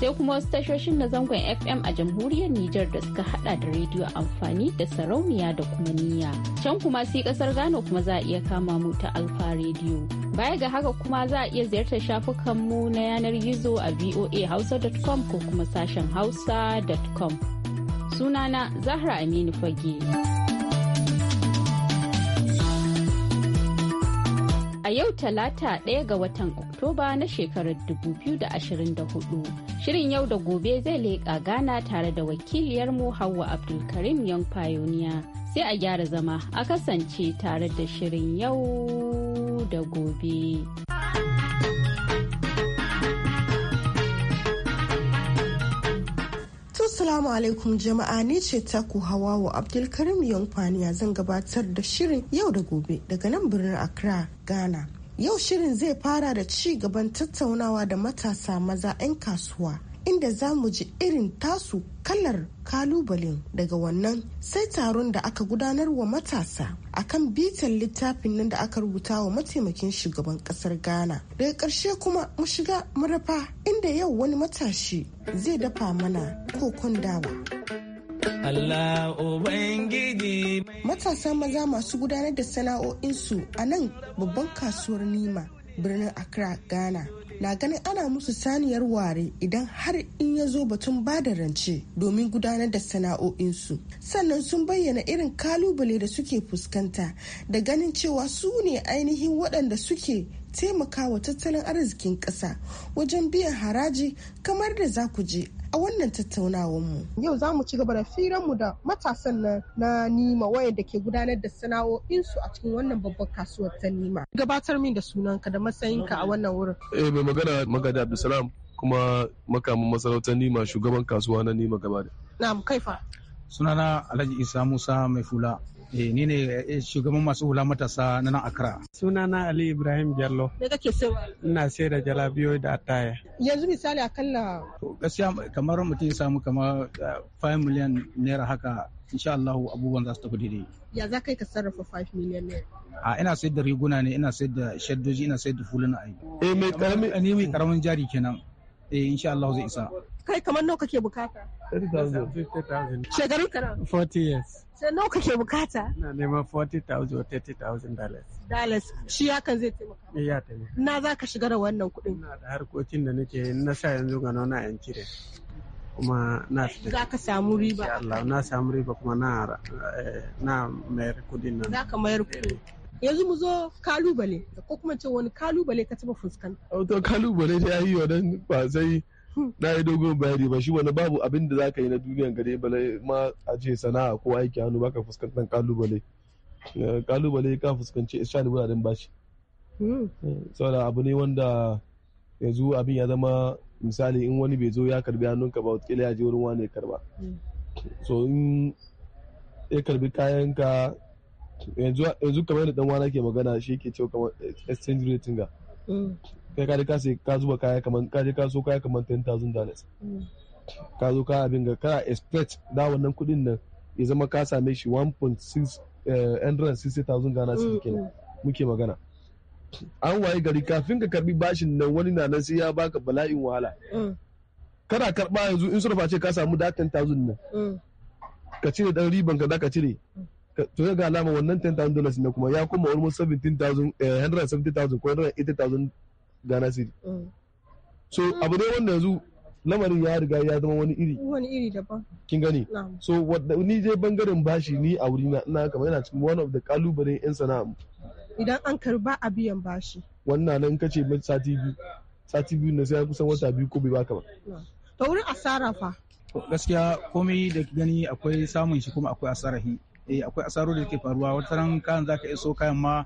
sai kuma wasu tashoshin na zangon fm a jamhuriyar nijar da suka hada da rediyo amfani da sarauniya da kuma niyya can kuma sai kasar ghana kuma za a iya kama mu ta alfa rediyo baya ga haka kuma za a iya ziyartar shafukanmu na yanar gizo a voahausa.com ko kuma sashen hausa.com sunana zahra aminu fage. a yau talata ɗaya ga watan Oktoba na shekarar 2024. Shirin yau da gobe zai leƙa Ghana tare da wakiliyarmu Hauwa Abdulkarim yan Pioneer. Sai a gyara zama a kasance tare da shirin yau da gobe. Assalamu alaikum jama'a ni ce ta hawa Hawawa Abdulkarim Yankwaniya zan gabatar da shirin yau da gobe daga nan birnin Accra, Ghana. Yau shirin zai fara da ci gaban tattaunawa da matasa maza 'yan kasuwa inda za mu ji irin tasu kalar kalubalen daga wannan sai taron da aka gudanar wa matasa akan bitan littafin nan da aka rubuta wa mataimakin shugaban kasar ghana daga ƙarshe kuma mu shiga marafa inda yau wani matashi zai dafa mana kokon dawa. Matasa maza masu gudanar da sana'o'insu a nan babban kasuwar Nima birnin Accra, Ghana na ganin ana musu saniyar ware idan har in ya zo batun ba da rance domin gudanar da sana'o'insu sannan sun bayyana irin kalubale da suke fuskanta da ganin cewa su ne ainihin waɗanda suke taimakawa tattalin arzikin ƙasa wajen biyan haraji kamar da za ku je a wannan tattaunawar mu. Yau za mu ci gaba da firan mu da matasan nan na Nima wayanda ke gudanar da sana'o'insu a cikin wannan babban kasuwar ta Nima. Gabatar min da sunanka da matsayinka a wannan wurin. Eh mai magana Magadi Abdulsalam kuma makamin masarautar Nima shugaban kasuwa na Nima gaba da. Na'am kaifa. Sunana Alhaji Isa Musa mai fula Eh, ni ne eh, shugaban masu hula matasa na nan Accra. na Ali Ibrahim Jallo. Me kake sayarwa? Ina sayar da jalabiyo da ataya. Yanzu misali akalla. Gaskiya kamar mutum ya samu kamar 5 eh, miliyan naira haka insha Allah abubuwan za su tafi daidai. Ya za kai ka sarrafa 5 miliyan naira? A ina sayar da riguna ne, ina sayar da shaddoji, ina sayar da fuluna ai. Eh mai karamin ni mai karamin jari kenan. Eh insha Allah zai isa. Kai kamar nawa kake bukata? 30,000. Shekarun kana? 40 years. sai nawa kake bukata ina neman 40,000 or 30,000 dollars dollars shi hakan zai taimaka iya eh, taimaka na za ka shiga da wannan kuɗin ina da harkokin da nake na sa yanzu ga nuna yan cire kuma na za ka samu riba Allah na samu riba kuma na eh, na mayar kudin nan za ka mayar kuɗi yanzu mu zo kalubale ko kuma ce wani kalubale ka taɓa fuskanta to kalubale yi ayi wannan ba zai na yi dogon bayani ba shi wani babu abin da za ka yi na duniyan gare bale ma a ce sana'a ko aiki hannu baka fuskantar kalubale eh, kalubale ka fuskanci da wuraren bashi hmm. eh, saboda abu ne wanda yanzu abin ya zama misali in wani bai zo ya karbi hannunka ba wata ya je wurin wani ya karba hmm. so in ya karbi kayanka yanzu kamar da dan wana ke magana shi ke cewa kamar exchange rate kai ka je ka sai ka zuba kaya kamar ka je ka so kaya kamar 10000 dollars mm. ka zo ka abin ga kana expect da wannan kudin nan ya zama ka same shi 1.6 gana su kenan mm. muke magana an waye gari kafin ka karbi bashin nan wani na nan sai ya baka bala'in wahala mm. kana karba yanzu in surfa ce ka samu da 10000 nan ka cire dan riban ka zaka cire to ya ga alama wannan 10000 dollars ne kuma ya kuma almost 17000 170,000 eh, ko 180000 Ghana City. Mm. So mm. abu dai wanda yanzu lamarin ya riga ya zama wani iri. Wani iri daban. Kin gani? So wadda ni je bangaren bashi ni a wuri na ina kamar yana cikin one of the kalubale yan sana'a. Idan an karba a biyan bashi. Wannan nan kace mai sati biyu. Sati biyu na sai kusan wata biyu ko bai baka ba. Ta wurin asara fa. Gaskiya komai da gani akwai samun shi kuma akwai asarahi. eh akwai asaro da ke faruwa wata ran kayan za ka iso kayan ma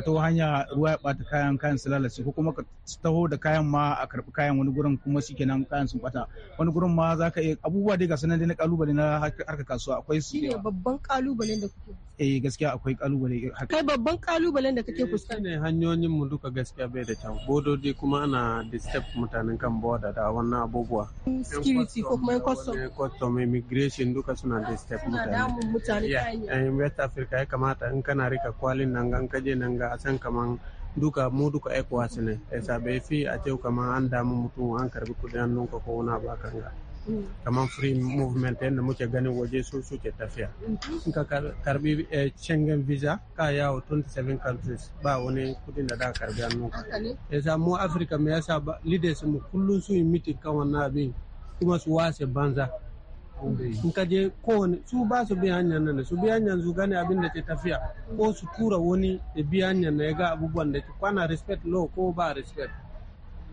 ka taho hanya ruwa ya bata kayan kayan su lalace ko kuma ka taho da kayan ma a karbi kayan wani gurin kuma shikenan kayan sun bata wani gurin ma zaka iya abubuwa dai ga sanan dai na kalubale na harkar kasuwa akwai su ne babban kalubale da kuke eh gaskiya akwai kalubale haka kai babban kalubalen da kake fuskanta ne hanyoyin mu duka gaskiya bai da kyau bododi kuma ana disturb mutanen kan boda da wannan abubuwa security ko kuma custom custom immigration duka suna disturb mutane da mu mutane eh West Africa ya kamata in kana rika kwalin nan an kaje nan ga san kaman duka mu duka ECOWAS ne ya bai fi a ce kaman an damu mutum an karbi kudin nan ko wani abu kan ga Mm. kaman free movement yadda muke ganin waje su suke tafiya mm-hmm. in ka karbi eh, schengen visa ka yawo 27 countries ba wani kudin da da karbi ya sa mu afirka me yasa leaders mu kullum su yi mitin kan wannan abin kuma su wase banza mm-hmm. in ka je kowane su ba su bi hanyar nan su bi hanyar su gane abin da ke tafiya ko su tura wani da bi hanyar na ya ga abubuwan da ke kwana respect law ko ba respect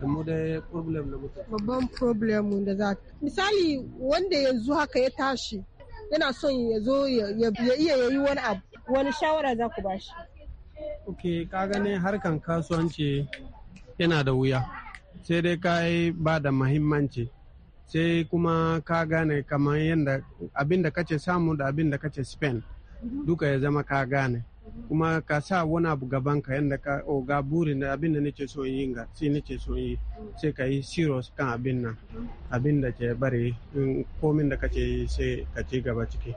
mu problem babban problem da za misali wanda yanzu haka ya tashi yana son ya zo ya iya yayi wani abu wani shawara za ku bashi ok ka gane harkan kasuwanci yana da wuya sai dai ka yi ba da mahimmanci sai kuma ka gane kamar yadda abin da kace samu da abin da kace spain duka ya zama ka gane kuma ka sa wani abu gaban ka yadda ka oga oh, ga burin da abin da nake so yi ga sai nake so yi sai ka yi serious kan abin nan abin da ke bari komin da kace yi sai ka ci gaba ciki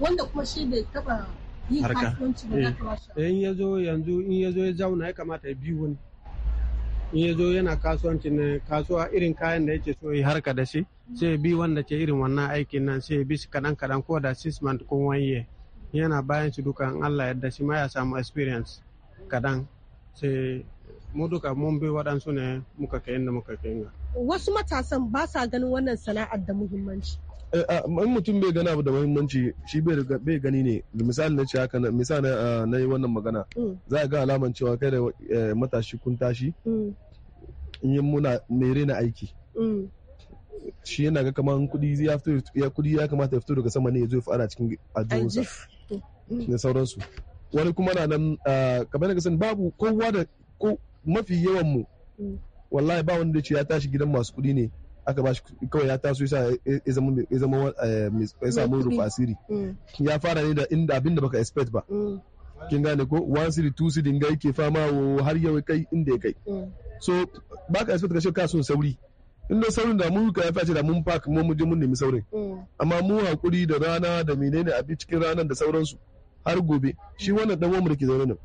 wanda kuma shi bai taba yin kasuwanci ba za ka eh, in ya zo yanzu in ya zo ya zauna ya kamata ya biyu wani in ya zo yana kasuwanci ne kasuwa irin kayan da yake so yi harka da shi sai bi wanda ke irin wannan aikin nan sai bi shi kadan kadan ko da six month ko one year yana bayan shi duka an Allah yadda shi ma ya samu experience kadan sai mu duka mun bi waɗansu ne muka kai inda muka kai wasu matasan ba sa ganin wannan sana'ar da muhimmanci eh, ah, in mutum bai gana abu da muhimmanci shi bai gani ne misali na ce haka misali ah, na yi wannan magana mm. za a ga alaman cewa kai da eh, matashi kun tashi mm. in yi muna mere na aiki mm. shi yana ga kaman kudi ya fito ya ya kamata ya fito daga sama ne ya zo ya fara cikin aljihunsa mm. da sauransu wani kuma na nan ah, kamar da sani babu kowa da mafi yawan mu mm. wallahi ba wanda ce ya tashi gidan masu kudi ne aka ba shi kawai ya taso ya zama ya eh, samu rufa asiri mm. ya fara ne da inda abinda baka expect ba kin gane ko one city two city ga yake fama har yau kai inda ya kai so baka expect ka shi ka sun sauri inda saurin da mun ya ce da mun park mun je mun nemi saurin mm. amma mu hakuri da rana da menene a cikin ranar da sauransu har gobe shi wannan dan uwanmu ke zaune nan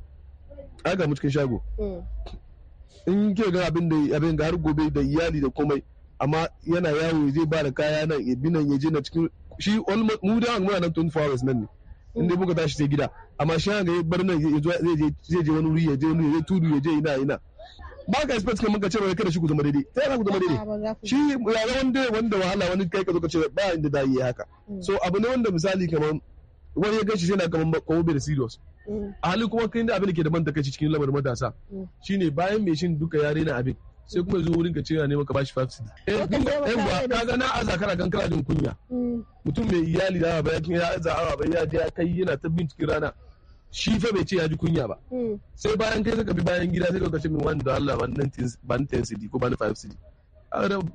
aga mu cikin shago mm. in ke ga abin da abin ga har gobe da iyali da komai amma yana yawo zai ba da kaya nan ya binan ya je na cikin shi mu da an muna nan 24 hours nan ne Inda buka tashi sai gida amma shi ga ya bar nan zai je wani wuri ya je wani ya tudu ya je ina ina ba ka expect kai muka ce bai kada shi ku zama daidai sai ku zama daidai shi ga wanda wanda wahala wani kai ka zo ka ce ba inda da yi haka mm. so abu ne wanda misali kamar wani ya gashi yana kamar kamar bai da serious mm. a hali kuma kai da abin da ke da manta kai cikin lamarin matasa mm. shine bayan mai shin duka yare na abin sai kuma zo wurin ka ce ne maka bashi 5 cedi eh ba ka ga na aza kana kan kana jin kunya mutum mai iyali da ba ya aza ba ya kai yana ta binciken rana shi fa bai ce ya ji kunya ba hmm. sai bayan kai suka bi bayan gida sai ka ce min wani da Allah ban 10 cd ko ban 5 cd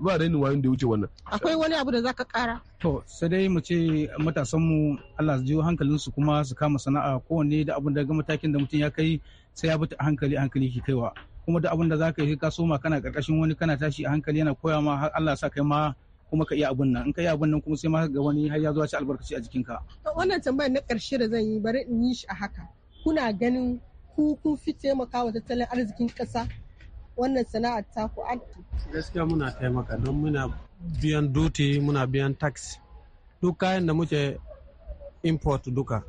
ba da yin wayan da wuce wannan akwai wani abu da zaka kara to sai dai mu ce matasan mu Allah su jiyo hankalin su kuma su kama sana'a kowanne da abun da ga matakin da mutum ya kai sai ya bi hankali hankali ke kaiwa kuma da abun da zaka yi ka soma kana karkashin wani kana tashi a hankali yana koya ma har Allah sa kai ma kuma ka iya abun nan in ka iya abun nan kuma sai ma ga wani har ya zo ci albarkaci a jikin ka. to wannan tambayar na karshe da zan yi bari in yi shi a haka kuna ganin ku kun fi wa tattalin arzikin kasa wannan sana'ar ta ku gaskiya muna taimaka don muna biyan duty muna biyan tax duk kayan da muke import duka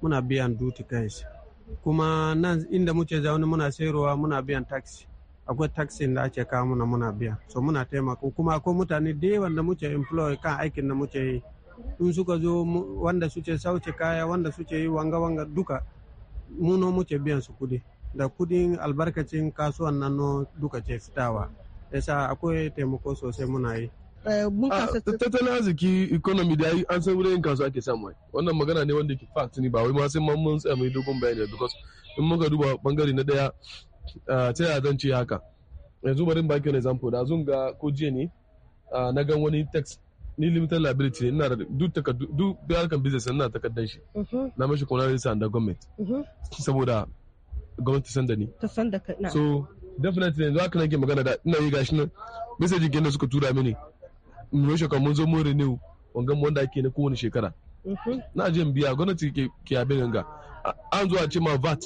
muna biyan duty kai kuma nan inda muke zaune muna sayarwa muna biyan taxi. akwai taxin da ake kawo muna muna biya so muna taimako kuma akwai mutane da yawan da muke employ kan aikin da muke yi in suka zo wanda suke sauce kaya wanda suke yi wanga-wanga duka muno muke biyan su kudi da kudin albarkacin kasuwan nan duka ce fitawa yasa akwai taimako sosai muna yi eh, ah, tattalin arziki economy da an san wurin kasuwa ake samu wannan magana ne wanda ke fact ne ba wai ma sai mun tsaya mai dogon bayani because in muka duba bangare na daya Ah, ta yaya zan ce haka yanzu bari in baki an example da zun ga ko jiya ne ah, na gan wani tax. ni limited liability ne ina da duk takardu duk harkan business ina takardar shi mm-hmm. na mashi kuna risa da government mm-hmm. saboda gwamnati san da ni ta san da na so definitely yanzu haka nake magana da ina yi gashi nan bisa jikin da suka tura mini mun shaka mun zo mun renew wangan wanda ake na kowane shekara mm-hmm. na je biya gwamnati ke abin ganga an zuwa ce ma vat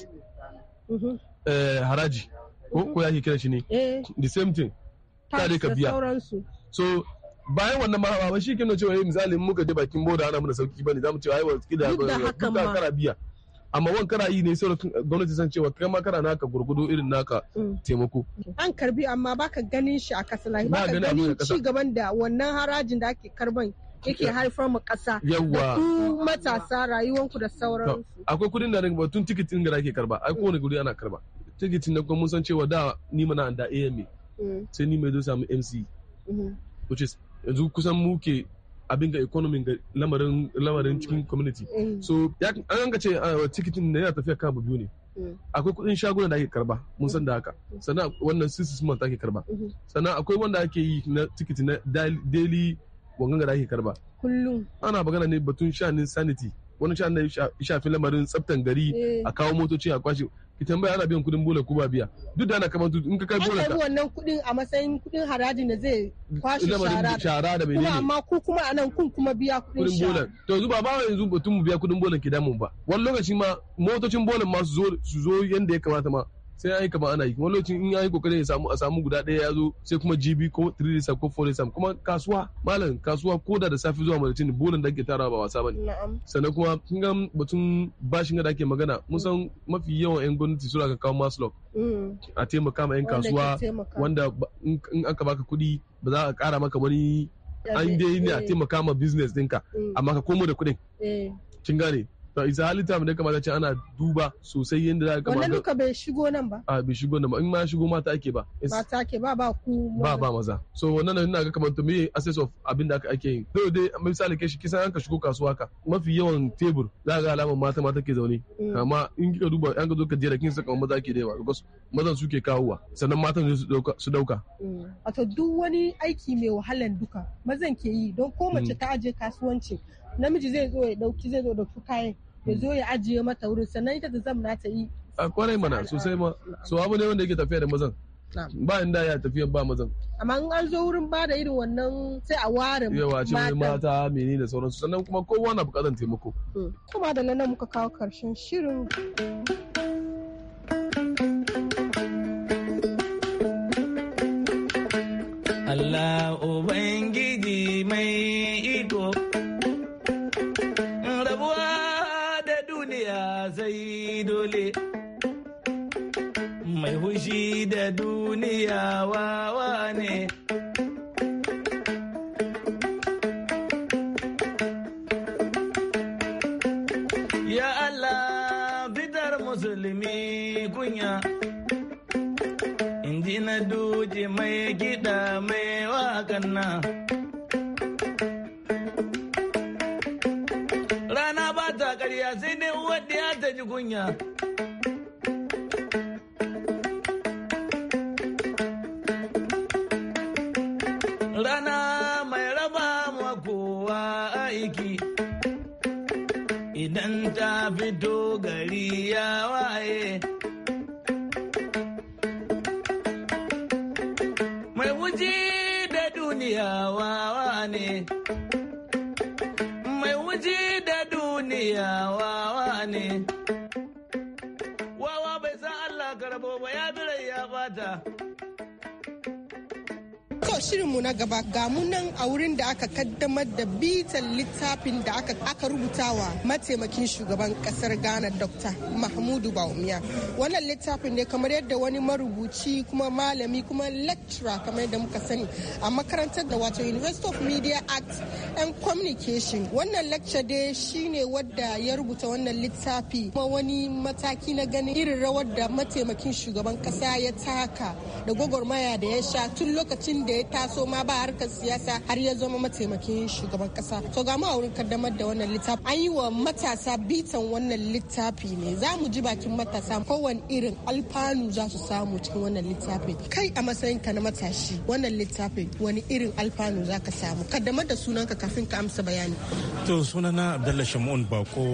Eh, haraji ko ya ke kira shi ne eh. the same thing ta dai ka biya so bayan wannan ma ba shi ke nuna cewa eh, misali muka je bakin boda ana mana sauki bane zamu cewa ai wa kida ba kara biya amma wan kara yi ne sai gwamnati san cewa kai ma kana naka gurgudu irin naka mm. taimako an karbi amma baka ganin shi a kasa lahi baka ganin ci gaban da wannan harajin da ake karban yake haifar mu ƙasa. Yawwa. Ku matasa rayuwanku da sauransu. Akwai kuɗin da batun tikitin da ake karba, ai kowane guri ana karba. Tikitin na kuma mun san cewa da ni mana da AMA. Mm. Sai ni mai zo samu MC. Mm-hmm. Which is yanzu kusan muke abin ga economy ga lamarin lamarin mm. cikin community. Mm. So an ga ce ah, tikitin da yana tafiya kan biyu ne. akwai kudin shaguna da ake karba mun san da haka sannan wannan mun ta ake karba mm-hmm. sannan akwai wanda ake yi na tikiti na daily wangan da ake karba kullum ana magana ne batun sha'anin sanity wani sha'an da ya shafi lamarin tsaftan gari eh. a kawo motoci a kwashe ki tambaya ana biyan kudin bola ko ba biya duk da ana kamar in ka kai bola ka wannan kudin a matsayin kudin haraji da zai kwashe shara shara da menene kuma amma ku kuma anan kun kuma biya kudin bola to yanzu ba ba yanzu batun mu biya kudin bola ki damu ba wani lokaci ma motocin bolan ma su zo su zo yanda ya kamata ma sai ya yi kama ana yi wani lokacin in ya yi kokarin ya samu a samu guda ɗaya ya zo sai kuma gb ko 3 ko 4 kuma kasuwa malam kasuwa ko da da safi zuwa cini bolin da ake tara ba wasa bane sannan kuma kin ga batun bashin da ake magana mun san mafi yawan yan gwamnati suna ka kawo maslok mm. a taimaka ma yan kasuwa wanda in aka baka kuɗi ba za a ƙara maka wani an dai ne a eh. taimaka ma business ɗinka mm. amma ka komo da kuɗin eh. kin gane to isa halitta mu da kamata ce ana duba sosai yadda za ka wannan duka bai shigo nan ba a bai shigo nan ba in ma shigo mata ake ba ba ta ake ba ba ku ba ba maza so wannan ina ga kamar to me access of abin da ake yi to dai misali kai shi kisa an ka shigo kasuwa ka mafi yawan tebur za ga alamar mata mata ke zaune mm. amma in kika duba an ka zo ka jera kin saka maza ke da yawa because mazan suke kawowa sannan matan su dauka mm. wato duk wani aiki mai wahalan duka mazan ke yi don ko mm. mace ta aje kasuwanci namiji zai zo ya dauki zai zo dauki kayan ya zo ya ajiye mata wurin sannan ita ta zamna ta yi a kwarai mana sosai ma so abu ne wanda yake tafiya da mazan ba inda ya tafiya ba mazan amma in an zo wurin ba da irin wannan sai a ware yawa ce mata mene da sauransu sannan kuma kowa na bukatar taimako kuma hmm. da nan muka kawo karshen shirin Allah ubai na fito gari ya waye mai wuji da duniya wawa ne mai wuji da duniya wawa shirinmu na gaba ga mu nan a wurin da aka kaddamar da bitan littafin da aka, aka rubutawa mataimakin shugaban kasar Ghana Dr. Mahmudu baumiya Wannan littafin ne kamar yadda wani marubuci kuma malami kuma lecturer kamar yadda muka sani a makarantar da wato University of Media Arts and Communication. Wannan lecture dai shine wadda ya rubuta wannan littafi kuma wani mataki na ganin irin rawar da mataimakin shugaban kasa ya taka da gwagwarmaya da ya sha tun lokacin da ya taso ma ba harkar siyasa har ya zama mataimakin shugaban kasa to ga mu a wurin kaddamar da wannan littafi an yi wa matasa bitan wannan littafi ne za mu ji bakin matasa kowane irin alfanu za su samu cikin wannan littafin kai a matsayin ka na matashi wannan littafin wani irin alfanu za ka samu kaddamar da sunanka kafin ka amsa bayani to sunana abdullahi shamun bako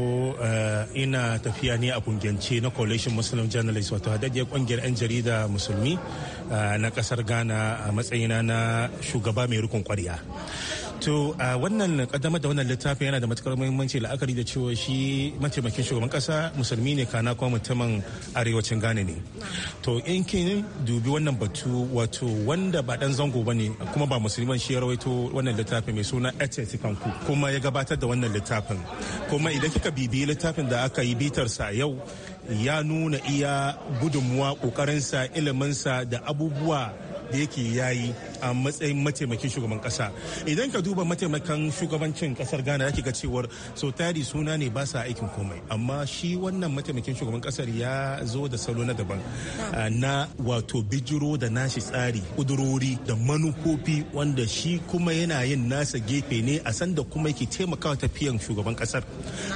eh, ina tafiya ne a kungiyance na coalition muslim journalists wato hadajiyar kungiyar 'yan jarida musulmi na kasar ghana a matsayina na shugaba mai rukun kwarya to wannan kaddamar da wannan littafin yana da matukar muhimmanci la'akari da cewa shi mataimakin shugaban kasa musulmi ne kana kuma mutumin arewacin ghana ne to in kin dubi wannan batu wato wanda ba dan zango ba ne kuma ba musulmi shi ya rawaito wannan littafin mai suna kanku kuma ya gabatar da wannan littafin kuma idan kika bibi littafin da aka yi bitarsa yau ya nuna iya gudunmuwa ƙoƙarinsa iliminsa da abubuwa da yake yayi a matsayin mataimakin shugaban kasa idan ka duba mataimakan shugabancin kasar ghana yake ga cewar so tari suna ne ba sa aikin komai amma shi wannan mataimakin shugaban kasar ya zo da salo na daban ah, na wato bijiro da nashi tsari kudurori da manufofi wanda shi kuma yana yin nasa gefe ne a sanda kuma yake taimakawa tafiyan shugaban kasar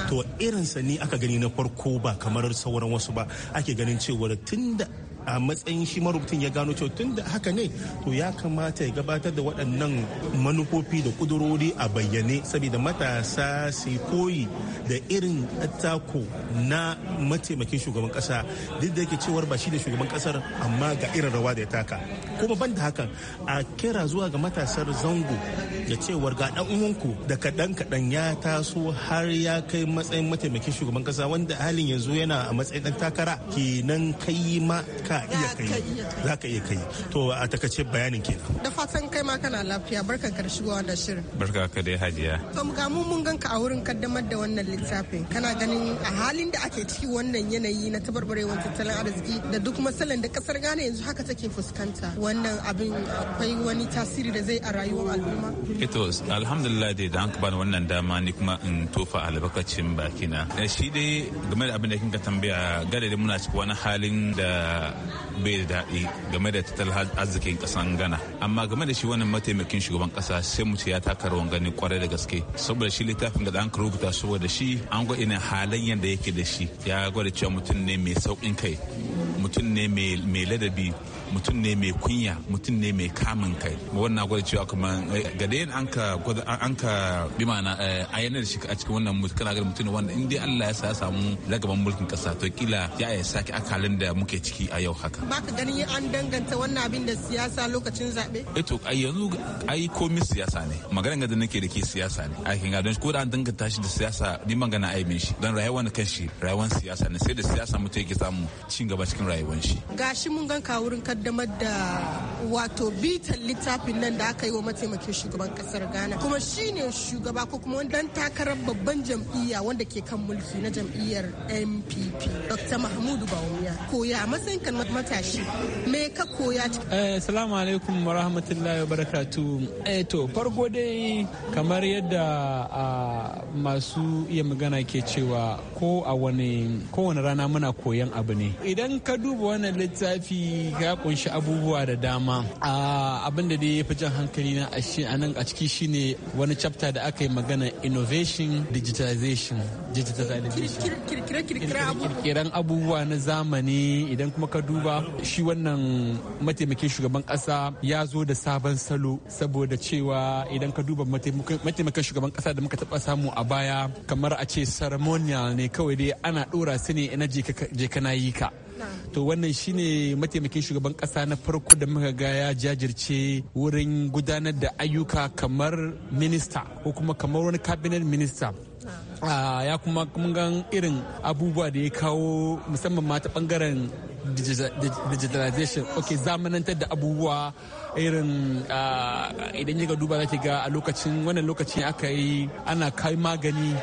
to irinsa ne aka gani na farko ba kamar sauran wasu ba ake ganin cewar tunda a matsayin shi marubutun ya gano cewa tun da haka ne to ya kamata ya gabatar da waɗannan manufofi da kudurori a bayyane saboda matasa su koyi da irin attako na mataimakin shugaban ƙasa duk da yake cewar ba shi da shugaban ƙasar amma ga irin rawa da ya taka kuma ban da hakan a kira zuwa ga matasar zango da cewar ga dan uwanku da kaɗan kaɗan ya taso har ya kai matsayin mataimakin shugaban kasa wanda halin yanzu yana a matsayin dan takara kenan kai ma ka iya kai za ka iya kai to a takaice bayanin kenan da fatan kai ma kana lafiya barka ka shigo da shirin barka ka dai hajiya to ga mu mun ganka a wurin kaddamar da wannan littafin kana ganin a halin da ake ciki wannan yanayi na tabarbarewar tattalin arziki da duk matsalan da kasar Ghana yanzu haka take fuskanta wannan abin akwai wani tasiri da zai a rayuwar al'umma ito eh alhamdulillah dai da an bani wannan dama ni kuma in tofa albarkacin bakina eh, shi dai game da abin da kinka tambaya gada da muna cikin wani halin da bai da daɗi game da tattalin arzikin ƙasan ghana amma game da shi wannan mataimakin shugaban ƙasa sai mu ce ya taka rawan gani kwarai da gaske saboda shi littafin da an rubuta saboda shi an gwada ina halin da yake da shi ya gwada cewa mutum ne mai sauƙin kai mutum ne mai ladabi mutum ne mai kunya mutum ne mai kamun kai wannan gwada cewa kuma eh, ga yin an ka an ka bi mana eh, ayyanar shi a cikin wannan mutum kana ga mutum ne wanda in Allah ya sa ya samu lagaban mulkin kasa to kila ya ya saki akalin da muke ciki a yau haka ba ka ganin an danganta wannan abin da siyasa lokacin zabe eh to ai yanzu ai komi siyasa ne maganar da nake da ke siyasa ne ai kin ga don ko da an danganta shi da siyasa ni magana ai min shi don rayuwar kan shi rayuwar siyasa ne sai da siyasa mutum yake samu cin gaba cikin rayuwar shi gashi mun gan ka wurin ka kaddamar da wato bitan littafin nan da aka yi wa mataimakin shugaban kasar ghana kuma shine shugaba ko kuma dan takarar babban jam'iyya wanda ke kan mulki na jam'iyyar mpp dr mahmudu bawumia koya matsayin kan matashi me ka koya eh, salamu alaikum wa rahmatullahi wa barakatu eh to farko dai kamar yadda ah, masu iya magana ke cewa ko a wani kowane rana muna koyan abu ne idan ka duba wannan littafi ga kunshi abubuwa da dama abin da dai ya fi jan hankali na a nan a ciki shine wani chapter da aka yi magana innovation digitalization kirkiran abubuwa na zamani idan kuma ka duba shi wannan mataimakin shugaban kasa ya zo da sabon salo saboda cewa idan ka duba mataimakin shugaban kasa da muka taba samu a baya kamar a ce ceremonial ne kawai dai ana dora su ne na je ka na yi ka to wannan shine mataimakin shugaban kasa na farko da muka ga ya jajirce wurin gudanar da ayyuka kamar minista ko kuma kamar wani cabinet minista ah, ya kuma gan irin abubuwa da ya kawo musamman mata bangaren digitalization ok zamanantar da abubuwa irin ah, idan ga duba zaki ga a lokacin wannan lokacin aka yi ana kai magani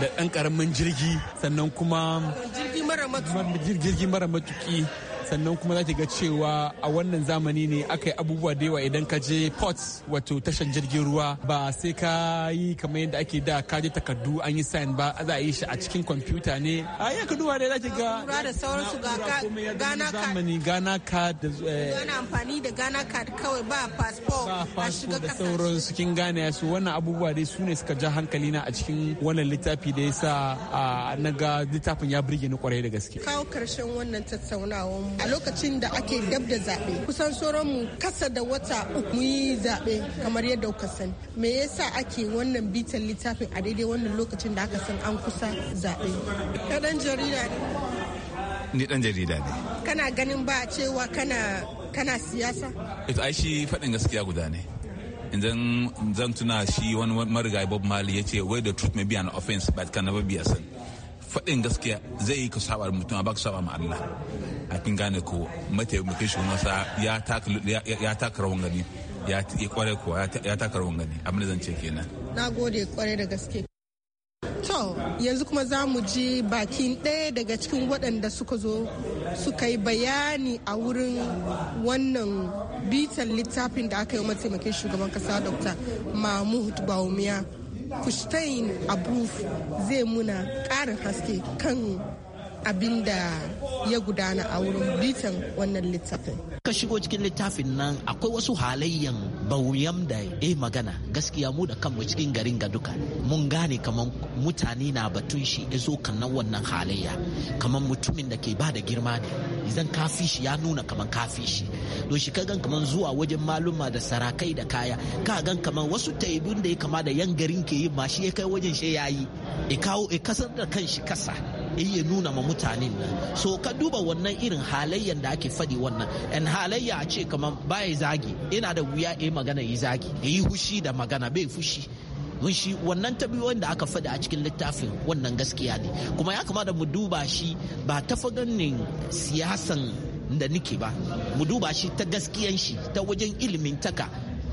da ɗan ƙaramin jirgi sannan kuma jirgi mara matuki sannan kuma za ki ga cewa a wannan zamani ne aka yi abubuwa da yawa idan ka je port wato tashan jirgin ruwa ba sai ka yi kamar yadda ake da ka je takardu an yi sign ba za a yi shi a cikin kwamfuta ne a yi aka duba da za ki ga da sauransu ga gana zamani gana card da eh, amfani da gana card kawai ba passport a shiga da sauransu kin gane su wannan abubuwa dai su ne suka ja hankali na a cikin wannan littafi da ya sa ah, na ga littafin ya birge ni kwarai da gaske kawo karshen wannan tattaunawar a lokacin da ake dab da zaɓe kusan sauran mu kasa da wata uku yi zaɓe kamar yadda kuka sani me yasa ake wannan bitan littafin a daidai wannan lokacin da aka san an kusa zaɓe kaɗan jarida ne ni ɗan jarida ne kana ganin ba cewa kana kana siyasa ita ai shi faɗin gaskiya guda ne idan zan tuna shi wani marigayi bob mali ya ce where the truth may be an offense but can never be a sin faɗin gaskiya zai yi ka saba mutum ba ka saba ma Allah a kin gane ko mataimakin shi masa ya taka rawan gani ya kware ko ya taka rawan gani abin da zan ce kenan na gode kware da gaske to yanzu kuma za mu ji bakin ɗaya daga cikin waɗanda suka zo suka yi bayani a wurin wannan bitan littafin da aka yi mataimakin shugaban kasa dr mahmud baumiya Kushtain Abuf zai muna ƙarin haske kan abin da ya gudana a wurin bitan wannan littafin. Ka shigo cikin littafin nan akwai wasu halayyan bauyam da ya eh magana gaskiya mu da kanmu cikin garin ga duka mun gane kamar mutane na batun shi ya zo kannan wannan halayya kamar mutumin da ke ba da girma ne idan kafi shi ya nuna kamar kafi shi don shi kagan kamar zuwa wajen maluma da sarakai da kaya ka gan kamar wasu taibun da ya kama da yan garin ke yi ma shi ya kai wajen shi ya yi ya kawo ya kasar da kan shi kasa iya eh, ya nuna ma mutanen nan so ka duba wannan irin halayyan da ake fadi wannan yan halayya a ce kamar baya zagi ina da wuya a magana yi zagi yi hushi da magana bai fushi shi wannan biyu da aka faɗi a cikin littafin wannan gaskiya ne kuma ya kamata mu duba shi ba ta faganin siyasan da nike ba mu duba shi ta gaskiyan shi ta wajen ilimin taka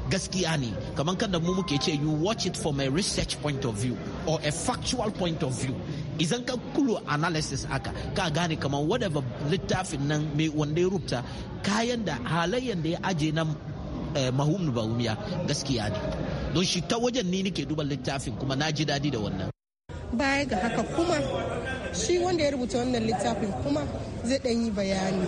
gaskiya ne kamar kan da mu muke ce you watch it from a research point of view or a factual point of view idan ka kulu analysis aka ka gane kamar whatever littafin nan mai wanda ya rubuta kayan da halayen da ya aje na eh, mahum baumiya gaskiya ne don shi ta wajen ni nake duba littafin kuma na ji daɗi da wannan baya ga haka kuma shi wanda ya rubuta wannan littafin kuma zai ɗan yi bayani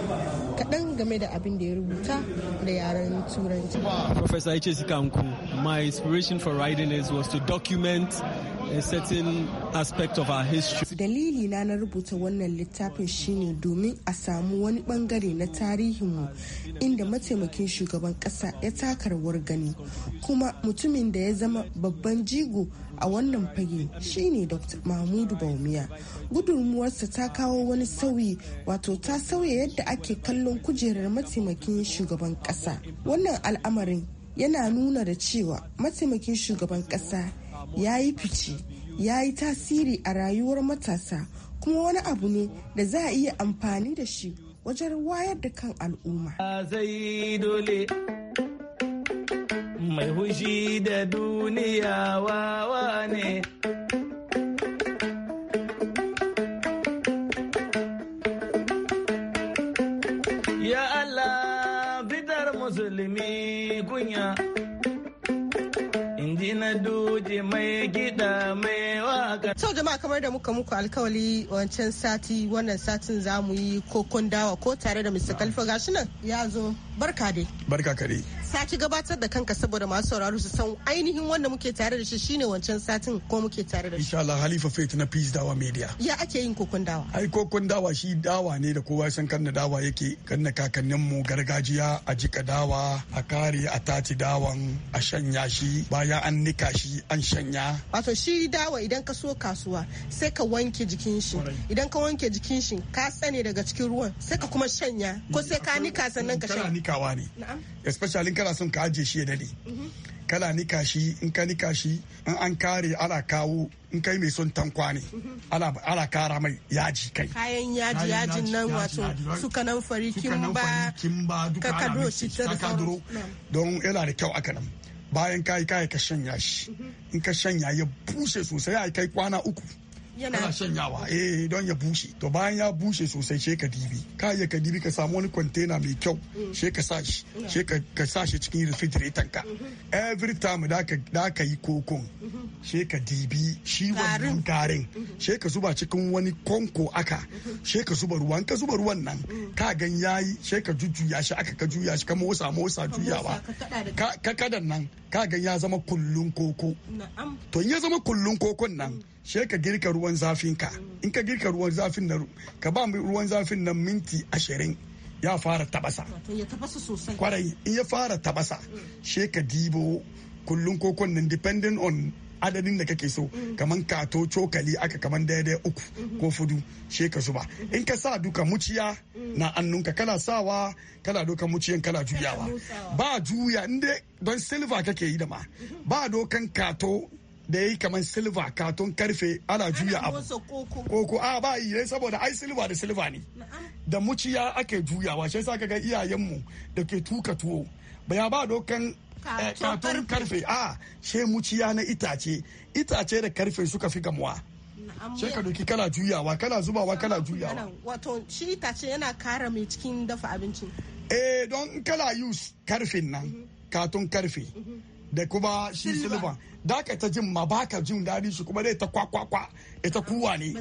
kaɗan game da abin da ya rubuta da yaren turanci. Professor Ichesi Kanku, my inspiration for writing is was to document a certain aspect of our history. Dalili na na rubuta wannan littafin shine domin a samu wani bangare na tarihinmu inda mataimakin shugaban ƙasa ya taka rawar gani kuma mutumin da ya zama babban jigo a wannan fage shine Dr. Mahmudu Baumiya. Gudunmuwarsa ta kawo wani sauyi wato wato ta sauya yadda ake kallon kujerar mataimakin shugaban kasa wannan al'amarin yana nuna da cewa mataimakin shugaban kasa ya yi fice ya yi tasiri a rayuwar matasa kuma wani abu ne da za a iya amfani da shi wajen wayar da kan al'umma. Mai hushi da duniya wawa ne. ilimi gunya alhaji na doje mai gida mai waka. Sau jama'a kamar da muka muku alkawali wancan sati wannan satin za mu yi kokon dawa ko tare da Mr. Kalfa gashi nan ya zo barka dai. Barka kare. Sati gabatar da kanka saboda masu sauraro su san ainihin wanda muke tare da shi shine wancan satin ko muke tare da shi. Insha Allah Halifa Faith na Peace Dawa Media. Ya ake yin kokon dawa? Ai kokon dawa shi dawa ne da kowa san kanna dawa yake kanna kakanninmu gargajiya a jika dawa a kare a tati dawan a shanya shi bayan an an nika shi an shanya wato shi dawa idan ka so kasuwa sai ka wanke jikin shi idan ka wanke jikin shi ka tsane daga cikin ruwan sai ka kuma shanya ko sai ka nika sannan ka shanya kana nikawa ne especially in kana son ka aje shi ya dade mhm. kana nika shi in ka nika shi in an kare ana kawo in kai mai son tankwa ne mhm. ana kara mai yaji kai kayan yaji yajin nan wato suka nan fari kimba kakado shi ta don yana da kyau aka nan bayan ka yi ka shanya shi mhm. in ka shanya ya bushe sosai ya kai kwana uku yana kana shanyawa eh don ya bushe to bayan ya bushe sosai she ka dibi ka ya ka dibi ka samu wani container mai kyau mm. she ka sa shi she ka sa shi cikin refrigerator ka mm-hmm. every time da ka da ka yi kokon mm-hmm. she ka dibi shi wannan garin mm-hmm. she ka zuba cikin wani konko aka she ka zuba ruwan ka zuba ruwan nan mm. ka gan yayi she ka jujjuya shi aka ka juya shi ka wasa motsa juyawa ka kadan nan ka gan ya zama kullun koko to in ya zama kullun kokon nan mm. she ka girka ruwan zafin ka in ka girka ruwan zafin nan ka ba ruwan zafin nan minti ashirin ya fara tabasa kwarai in ya fara tabasa she ka dibo kullun kokon nan depending on adadin da kake so mm. kaman kato cokali aka kaman daidai uku mm-hmm. ko fudu she ka zuba mm-hmm. in ka sa duka muciya mm. na annunka kana sawa kana dokan muciyan kana juyawa ba juya inda don silva kake yi da ma mm-hmm. ba dokan kato da ya yi kamar silva katon karfe ana juya abu koko a ba yi eh, saboda ai silva da silva ne da muciya ake juyawa shi yasa ga iyayenmu da ke tuka tuwo ba ya ba dokan eh, katon karfe a she muciya na itace itace da karfe suka fi gamuwa sai ka doki kana juyawa kana zubawa kana juyawa wato shi itace yana kara mai cikin dafa abinci eh don kala use karfin nan mhm. katon karfe mhm. da kuma shi silva da ka ta jin ma ba ka jin dadi su kuma dai ta kwakwakwa ita kuwa ne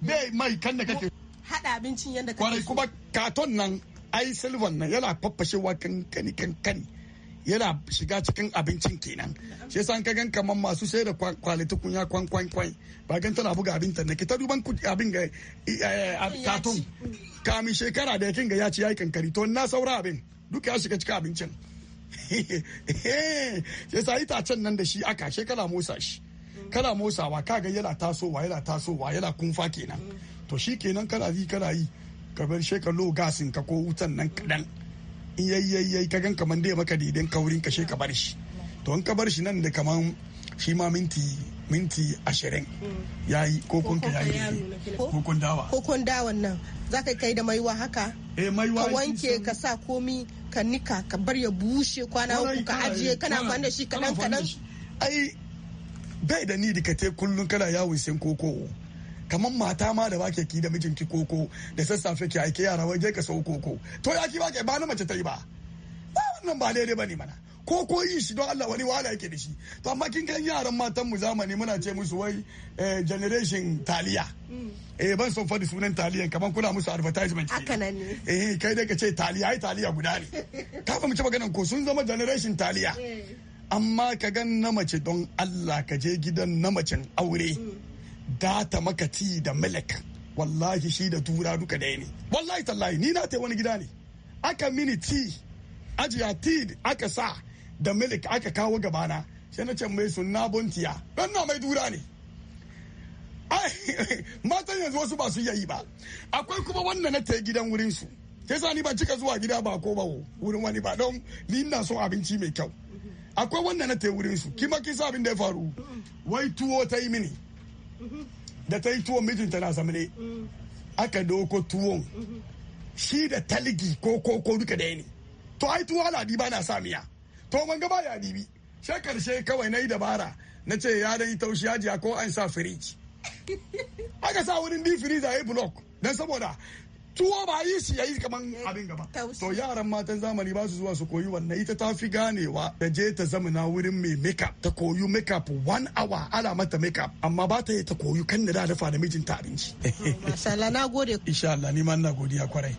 bai mai kan da kake hada abincin yadda kake kwarai kuma katon nan ai silvan nan yana faffashewa kankani kankani yana shiga cikin abincin kenan shi yasa ka gan kaman masu sai da kwaliti kunya kwan kwan kwan ba gan tana buga abin tanne ta duban abin ga katon eh, eh, kamin shekara da ya ga ya ci yayi kankari to na saura abin duka ya shiga cikin abincin sai sa can nan da shi aka she kala motsa shi kana motsawa kaga yana tasowa yana tasowa yana kunfa kenan to shi kenan kana yi kana yi ka bar she gasin ka ko wutan nan kadan in yayi yayi yayi ka gan kaman dai maka daidan kaurin ka she ka bar shi to in ka bar shi nan da kaman shi ma minti minti ashirin mm. ya yi kokonka ya yi kokon dawa kokon dawan nan za ka kai da maiwa haka eh, ka wanke ka sa komi ka nika ka bar ya bushe kwana uku ka ajiye kana amfani da shi kadan kadan ai bai da ni ka te kullum kana yawon sen koko kamar mata ma da bake ki da mijinki koko da sassafe ki aike yara waje ka sau koko to ya ki bake ba na mace ta yi ba ba wannan ba daidai ba ne mana ko ko yin shi don Allah wani wahala yake da shi to amma kin kan yaran matan mu zamani muna ce musu wai eh, generation taliya mm. eh ban so faɗi sunan taliyan kaman kula musu advertisement haka nan ne eh kai dai ka ce taliya ai taliya guda ne ka ci maganan ko sun zama generation taliya eh. amma ka gan na mace don Allah ka je gidan na macen aure mm. Da ta maka ti da milk wallahi shi da tura duka da ne wallahi tallahi ni na ta wani gida ne aka mini ti ajiya ti aka sa da milik aka kawo gabana sai na ce mai sunna bontiya don na mai dura ne matan yanzu wasu ba su yayi ba akwai kuma wanda na tai gidan wurin su sai sa ni ba cika zuwa gida ba ko ba wurin wani ba don ni ina son abinci mai kyau akwai wanda na tai wurin su kima kisa abin da ya faru wai tuwo ta yi mini da ta yi tuwon mijinta na zamane aka doko tuwon shi da taligi ko ko ko duka da ya ne to ai tuwo aladi ba na sa miya to ban ga baya dibi sai karshe kawai na yi dabara na ce ya dai taushi ya ko an sa firiji aka sa wurin di firiji a yi block dan saboda tuwo ba yi shi yayi kaman abin gaba to yaran matan zamani ba su zuwa su koyi wannan ita ta fi ganewa da je ta zamana wurin mai makeup ta koyi makeup one hour ala mata makeup amma ba ta yi ta koyi kan da dafa da mijinta abinci masha na gode insha Allah ni ma ina godiya kwarai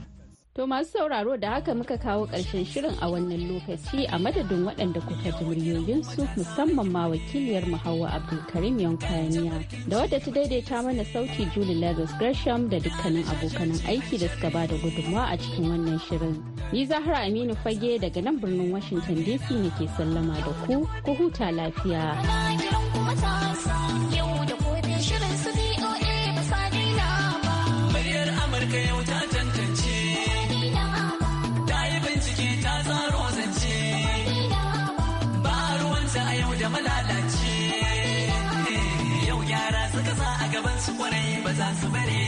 To masu sauraro da haka muka kawo ƙarshen shirin a wannan lokaci a madadin waɗanda kuka ji muryoyinsu musamman ma wakiliyar mu Hauwa Abdulkarim yankaniya da wadda ta daidaita mana sauti juli Lagos Gresham da dukkanin abokanan aiki da suka bada gudunmawa a cikin wannan shirin. Ni Zahra Aminu Fage daga nan birnin Washington DC nake sallama da ku, ku huta lafiya. I'm so ready.